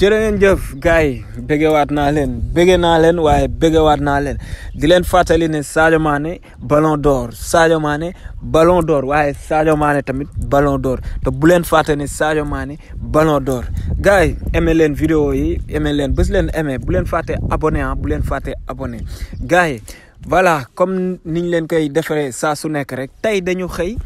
jërë ngeen jëf gars yi bëggewaat naa leen bëgge naa leen waaye bëggewaat naa leen di leen fàttali ne Sadio maane Ballon door Sadio maane Ballon door waaye Sadio Mané tamit Ballon door te bu leen fàttali ne Sadio Mané Ballon d'Or gars yi aimé leen vidéo yi aimé leen bës leen aimé bu leen fàtte abonné ah bu leen fàtte abonné gars yi voilà comme niñ leen koy defaree saa su nekk rek tey dañu xëy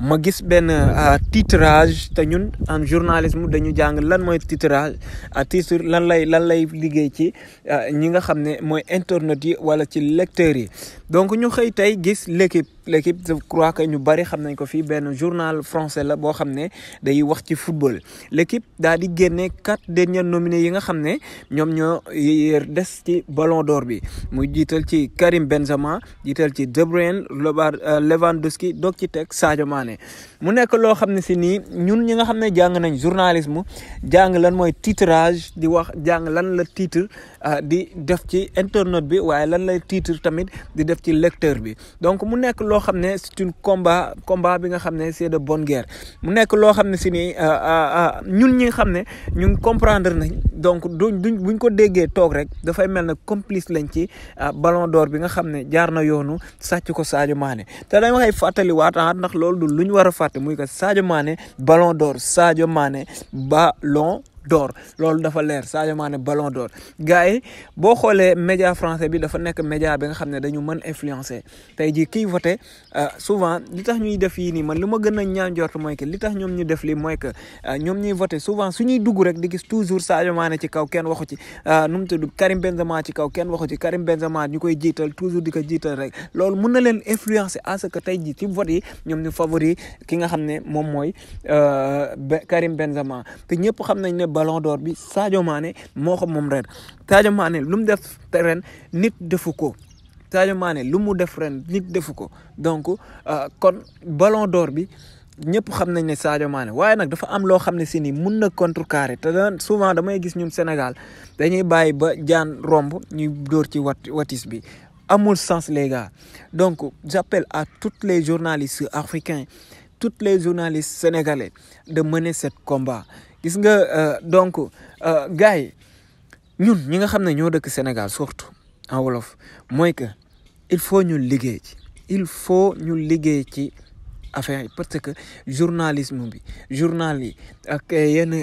ma gis benn euh, titrage te ñun en journalisme dañu jàng lan mooy titrage à titre lan lay lan lay liggéey ci euh, ñi nga xam ne mooy internet yi wala ci lecteurs yi donc ñu xëy tey gis l'équipe l'équipe je crois que ñu bari xam nañ ko fii benn journal français la boo xam ne day wax ci football l'équipe daal di génne quatre derniers nominés yi nga xam ne ñoom ñoo des ci ballon d'or bi muy jiital ci Karim Benzema jiital ci De Bruyne euh, Lewandowski ci teg Sadio Mané mu nekk loo xam ne si nii ñun ñi nga xam ne jàng nañ journalisme jàng lan mooy titrage di wax jàng lan la titre euh, di def ci internet bi waaye lan lay titre tamit di def def ci lecteur bi donc mu nekk loo xam ne c'est une combat bi nga xam ne c'est de bonne guerre mu nekk loo xam ne si ni euh, euh, euh, ñun ñi xam ne ñun comprendre nañ donc duñ duñ buñ ko déggee toog rek dafay mel ne complice lañ ci ballon door bi nga xam ne jaar na yoonu sàcc ko Sadio maane te dañ waxay fàttaliwaat ah ndax loolu du lu ñu war a fàtte muy que Sadio maane ballon door saajo Mané ballon d'or loolu dafa leer Sadio Mané ballon d'or gars yi boo xoolee média français bi dafa nekk média bi nga xam ne dañu man influencer tey jii kiy voté euh, souvent li tax ñuy def yii nii man lu ma gën a ñaan jort mooy que li tax ñoom ñu def li mooy que euh, ñoom ñuy voté souvent ñuy dugg rek di gis toujours Sadio ci kaw kenn waxu ci euh, nu mu tudd Karim Benzema kaw kenn waxu ci Karim Benzema ñu koy jiital toujours di ko jiital rek loolu mun na leen influencer à ce que tey jii ci vote ñoom ñu favori ki nga xam ne moom mooy Karim Benzema te ballon d'or bi Sadio Mané moo ko moom ren Sadio Mané lu mu def ren nit defu ko Sadio Mané lu mu def ren nit defu ko donc euh, kon ballon d'or bi ñëpp xam nañ ne Sadio Mané waaye nak dafa am loo xam ne si ni mun na contrecarrer te daan souvent damay gis ñun Sénégal dañuy bàyyi ba jaan romb ñuy dóor ci wat watis bi amul sens les gars donc j'appelle à tous les journalistes africains tous les journalistes sénégalais de mener ce combat gis nga euh, donc euh, gars yi ñun ñi nga xam ne ñoo dëkk Sénégal surtout en wolof mooy que il faut ñu liggéey ci il faut ñu liggéey ci affaire parce que journalisme bi journal yi ak euh, yenn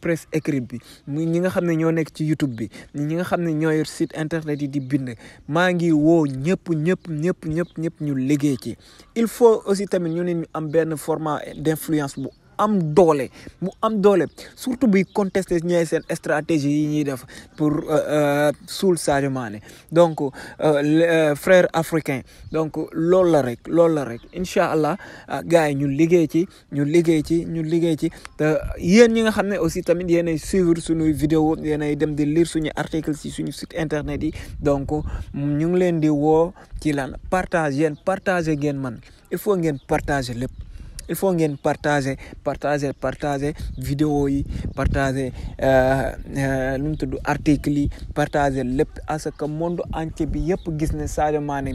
presse écrite bi ñi nga xam ne ñoo nekk ci YouTube bi ñi nga xam ne ñoo yor site internet yi di bind maa ngi woo ñëpp ñëpp ñëpp ñëpp ñëpp ñu liggéey ci il faut aussi tamit ñu ne ñu am benn format d'influence bu am doole mu am doole surtout buy contester ñooy seen stratégie yi ñuy def pour euh, euh, suul Sadio Mané donc euh, frère africain donc loolu la rek loolu la rek incha allah ah, gars yi ñu liggéey ci ñu liggéey ci ñun liggéey ci te yéen ñi nga xam ne aussi tamit yéenay suivre suñuy vidéo yéenay dem di lire suñu article ci suñu site internet yi donc ñu ngi leen di woo ci lan partage yéen partage ngeen man il faut ngeen partager lépp il faut ngeen partager partager partager vidéo yi partager euh, euh, l'article, article yi partager lepp à ce que monde entier bi yépp gis ne Sadio Mané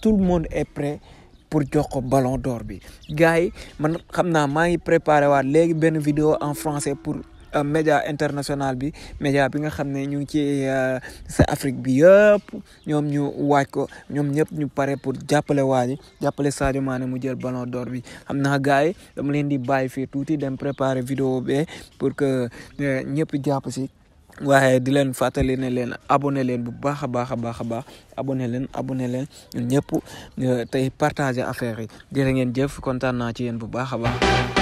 tout le monde est prêt pour jouer au ballon d'or bi gars yi man xam ngi préparé waat léegi vidéo en français pour. média international bi média bi nga xam ne ñu ngi ci euh, sa Afrique bi yëpp ñoom ñu waaj ko ñoom ñëpp ñu pare pour jàppale waa jàppale Sadio maane mu jël ballon d'or bi xam naa gars yi dama leen di bàyyi fii tuuti dem préparer vidéo bi pour que euh, ñëpp jàpp si waaye di leen fàttali ne leen abonné leen bu baax a baax a baax a baax abonné leen abonné leen ñun ñëpp euh, tey partager affaire yi jërë ngeen jëf kontaan naa ci yéen bu baax a baax.